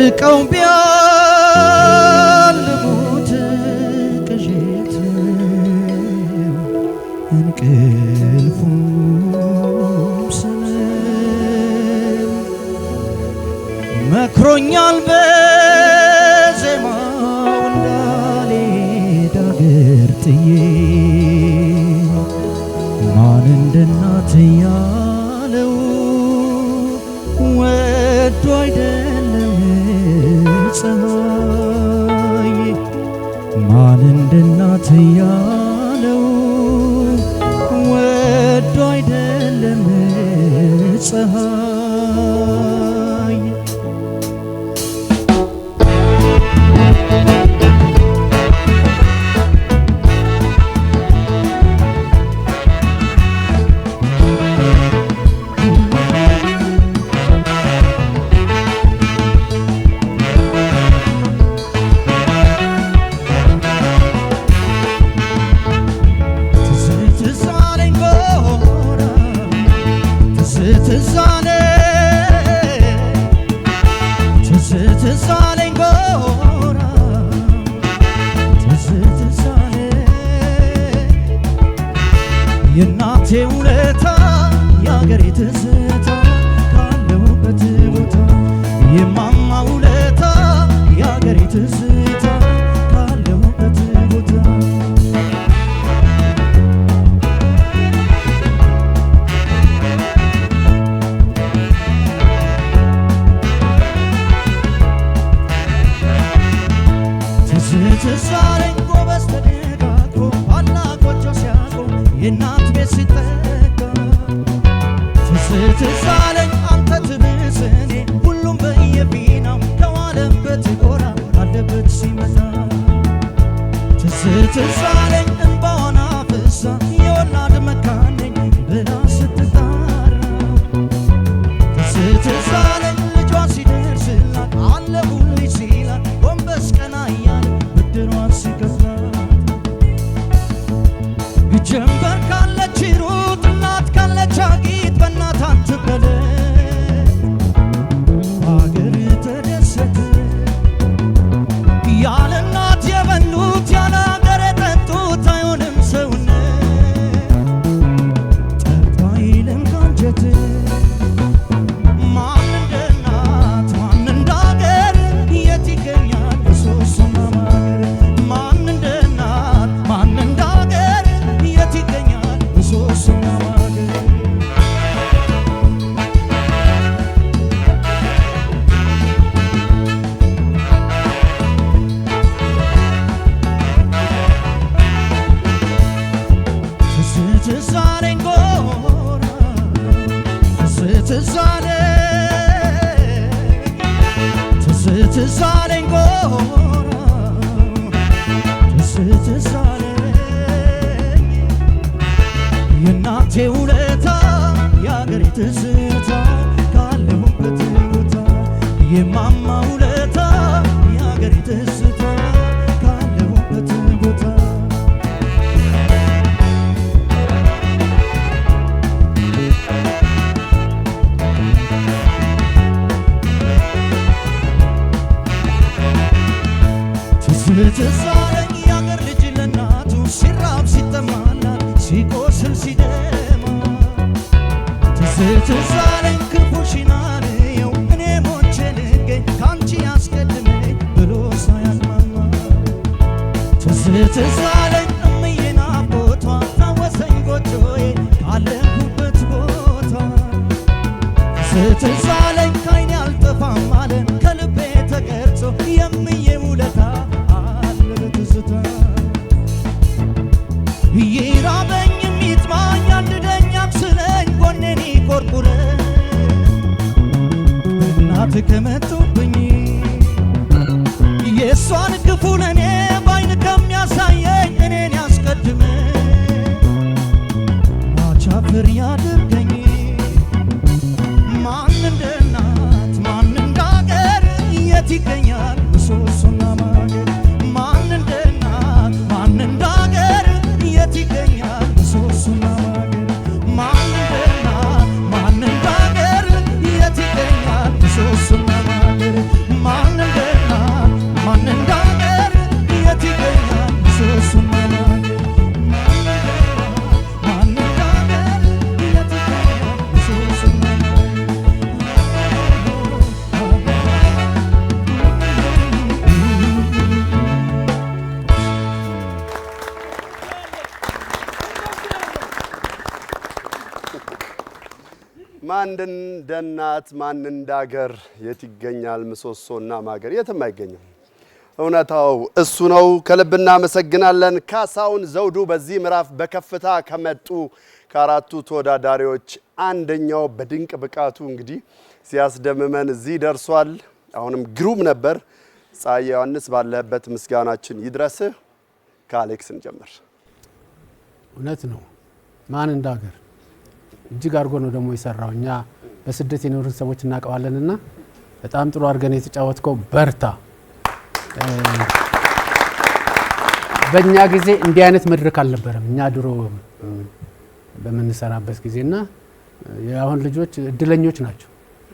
ርቀው ቢያልሙት ቅዠት እንቅልፉም ስምም መክሮኛል የእናቴ ውለታ የአገሬ ትዝታ ካለሁበት ቦታ የማማ ውለታ የአገሬ ትዝታ ስትሳለኝ ትዝ ትዝ ጎራ ትዝ የእናቴ ውለታ የአገሬ ትዝታ ካለሁበት ቦታ የማማ ስትሳለኝ ክፉሽና እኔ ሞቼ ልገኝ ከአንቺ ብሎ ሳያስማማ ስትሳለኝ እምዬና ቦቷ ታወሰኝ ጎጆዬ አለሁበት ቦታ ስትሳለኝ ካይኔ አልጠፋም አለ ከልቤ ternyata ማን እንደ እናት ማን እንዳገር የት ይገኛል ምሰሶና ማገር? የትም አይገኝም። እውነታው እሱ ነው። ከልብ እናመሰግናለን ካሳሁን ዘውዱ። በዚህ ምዕራፍ በከፍታ ከመጡ ከአራቱ ተወዳዳሪዎች አንደኛው በድንቅ ብቃቱ እንግዲህ ሲያስደምመን እዚህ ደርሷል። አሁንም ግሩም ነበር። ፀሐይ ዮሐንስ ባለህበት ምስጋናችን ይድረስህ። ከአሌክስ እንጀምር። እውነት ነው ማን እንዳገር እጅግ አድርጎ ነው ደግሞ የሰራው። እኛ በስደት የኖርን ሰዎች እናውቀዋለን። ና በጣም ጥሩ አድርገን የተጫወትከው፣ በርታ። በእኛ ጊዜ እንዲህ አይነት መድረክ አልነበረም፣ እኛ ድሮ በምንሰራበት ጊዜ እና የአሁን ልጆች እድለኞች ናቸው።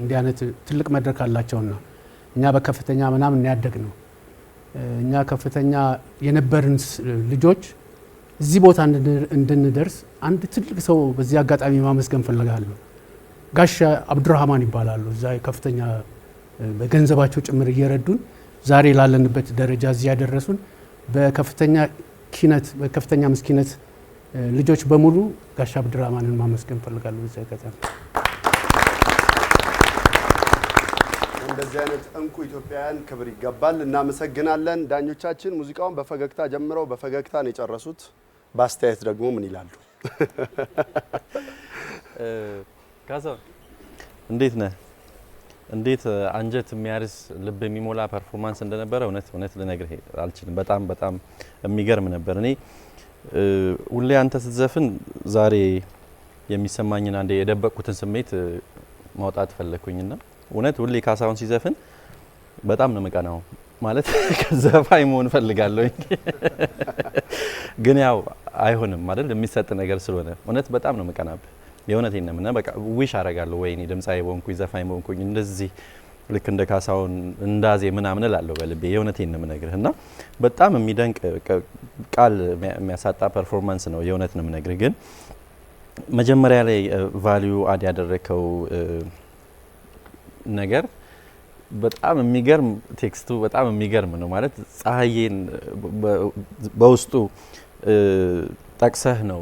እንዲህ አይነት ትልቅ መድረክ አላቸውና እኛ በከፍተኛ ምናምን ያደግ ነው እኛ ከፍተኛ የነበርን ልጆች እዚህ ቦታ እንድንደርስ አንድ ትልቅ ሰው በዚህ አጋጣሚ ማመስገን ፈልጋለሁ። ጋሻ አብዱራህማን ይባላሉ። እዛ ከፍተኛ በገንዘባቸው ጭምር እየረዱን ዛሬ ላለንበት ደረጃ እዚህ ያደረሱን በከፍተኛ ኪነት በከፍተኛ ምስኪነት ልጆች በሙሉ ጋሻ አብዱራህማንን ማመስገን ፈልጋለሁ በዚህ አጋጣሚ እንደዚህ አይነት እንቁ ኢትዮጵያውያን ክብር ይገባል። እናመሰግናለን። ዳኞቻችን ሙዚቃውን በፈገግታ ጀምረው በፈገግታ ነው የጨረሱት። በአስተያየት ደግሞ ምን ይላሉ? ጋዛው እንዴት ነህ? እንዴት አንጀት የሚያርስ ልብ የሚሞላ ፐርፎርማንስ እንደነበረ እውነት እውነት ልነግርህ አልችልም። በጣም በጣም የሚገርም ነበር። እኔ ሁሌ አንተ ስትዘፍን ዛሬ የሚሰማኝን አንዴ የደበቅኩትን ስሜት ማውጣት ፈለግኩኝና እውነት ሁሌ ካሳሁን ሲዘፍን በጣም ነው የምቀናው። ማለት ዘፋኝ መሆን እፈልጋለሁ ግን ያው አይሆንም አይደል የሚሰጥ ነገር ስለሆነ እውነት በጣም ነው የምቀናብህ። የእውነት ነው የምና በቃ ዊሽ አረጋለሁ ወይ እኔ ድምፃዊ በሆንኩኝ ዘፋኝ በሆንኩኝ እንደዚህ ልክ እንደ ካሳሁን እንዳዜ ምናምን እላለሁ በልቤ። የእውነቴን ነው የምነግርህ እና በጣም የሚደንቅ ቃል የሚያሳጣ ፐርፎርማንስ ነው። የእውነት ነው የምነግርህ ግን መጀመሪያ ላይ ቫሊዩ አድ ያደረከው ነገር በጣም የሚገርም ቴክስቱ በጣም የሚገርም ነው። ማለት ፀሐዬን በውስጡ ጠቅሰህ ነው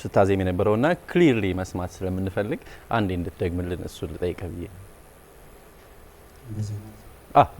ስታዜም የነበረው እና ክሊርሊ መስማት ስለምንፈልግ አንዴ እንድትደግምልን እሱ ልጠይቀ ብዬ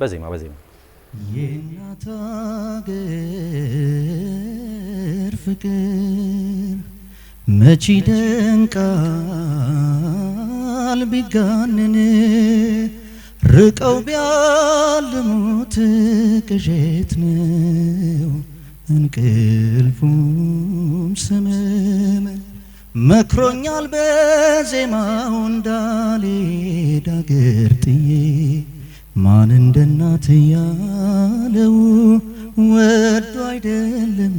በዜማ በዜማ የእናት አገር ፍቅር መቼ ደንቃ ቃል ቢጋንን ርቀው ቢያልሙት ቅዠት ነው እንቅልፉም ስምም መክሮኛል በዜማው እንዳልሄድ ገርጥዬ ማን እንደ እናት ያለው ወዶ አይደለም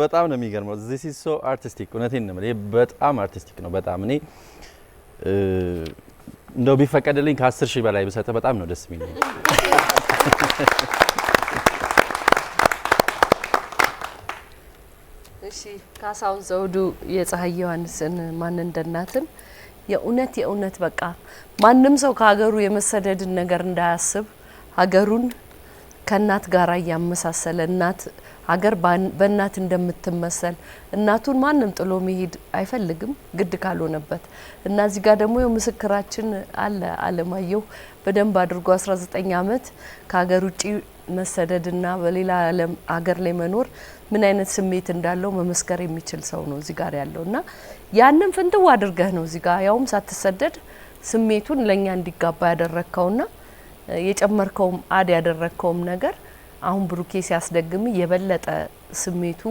በጣም ነው የሚገርመው። ዚስ ኢዝ ሶ አርቲስቲክ። እውነቴን ነው ይሄ በጣም አርቲስቲክ ነው። በጣም እኔ እንደው ቢፈቀድልኝ ከ10 ሺህ በላይ ብሰጠ በጣም ነው ደስ የሚለኝ። እሺ ካሳሁን ዘውዱ የፀሐይ ዮሐንስን ማን እንደናትን የእውነት የእውነት በቃ ማንም ሰው ከሀገሩ የመሰደድን ነገር እንዳያስብ ሀገሩን ከእናት ጋር እያመሳሰለ እናት ሀገር በእናት እንደምትመሰል እናቱን ማንም ጥሎ መሄድ አይፈልግም ግድ ካልሆነበት እና እዚህ ጋር ደግሞ ምስክራችን አለ። አለማየሁ በደንብ አድርጎ 19 ዓመት ከሀገር ውጭ መሰደድና በሌላ ዓለም ሀገር ላይ መኖር ምን አይነት ስሜት እንዳለው መመስከር የሚችል ሰው ነው እዚህ ጋር ያለው እና ያንን ፍንትው አድርገህ ነው እዚህ ጋር ያውም ሳትሰደድ ስሜቱን ለእኛ እንዲጋባ ያደረግከውና የጨመርከውም አድ ያደረግከውም ነገር አሁን ብሩኬ ሲያስደግም የበለጠ ስሜቱ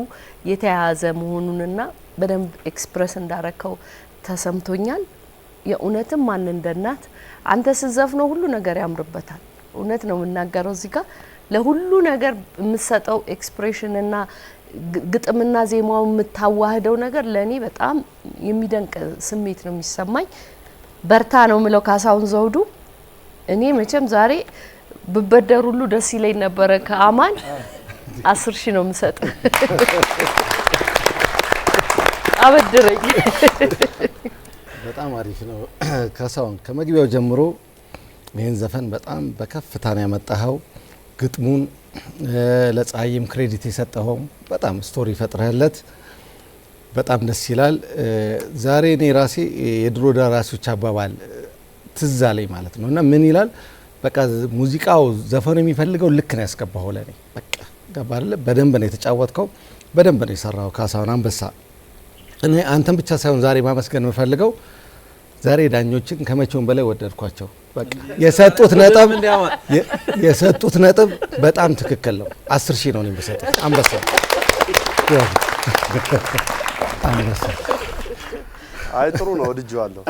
የተያያዘ መሆኑንና በደንብ ኤክስፕረስ እንዳረከው ተሰምቶኛል። የእውነትም ማን እንደ እናት አንተ ስዘፍ ነው ሁሉ ነገር ያምርበታል። እውነት ነው የምናገረው እዚህ ጋር ለሁሉ ነገር የምትሰጠው ኤክስፕሬሽንና ግጥምና ዜማው የምታዋህደው ነገር ለእኔ በጣም የሚደንቅ ስሜት ነው የሚሰማኝ። በርታ ነው የምለው ካሳሁን ዘውዱ። እኔ መቼም ዛሬ ብበደር ሁሉ ደስ ይለኝ ነበረ። ከአማን አስር ሺህ ነው የምሰጥ። አበድረኝ። በጣም አሪፍ ነው ከሰውን ከመግቢያው ጀምሮ ይህን ዘፈን በጣም በከፍታ ነው ያመጣኸው። ግጥሙን ለፀሐይም ክሬዲት የሰጠኸው በጣም ስቶሪ ፈጥረህለት በጣም ደስ ይላል። ዛሬ እኔ ራሴ የድሮ ደራሲዎች አባባል ትዝ አለኝ ማለት ነው። እና ምን ይላል በቃ ሙዚቃው ዘፈኑ የሚፈልገው ልክ ነው ያስገባው ለኔ በቃ ገባለ። በደንብ ነው የተጫወትከው፣ በደንብ ነው የሰራው። ካሳሁን አንበሳ፣ እኔ አንተን ብቻ ሳይሆን ዛሬ ማመስገን የምፈልገው ዛሬ ዳኞችን ከመቼውም በላይ ወደድኳቸው። በቃ የሰጡት ነጥብ የሰጡት ነጥብ በጣም ትክክል ነው። አስር ሺህ ነው የሚሰጠው አንበሳ አይ ጥሩ ነው፣ ወድጄዋለሁ።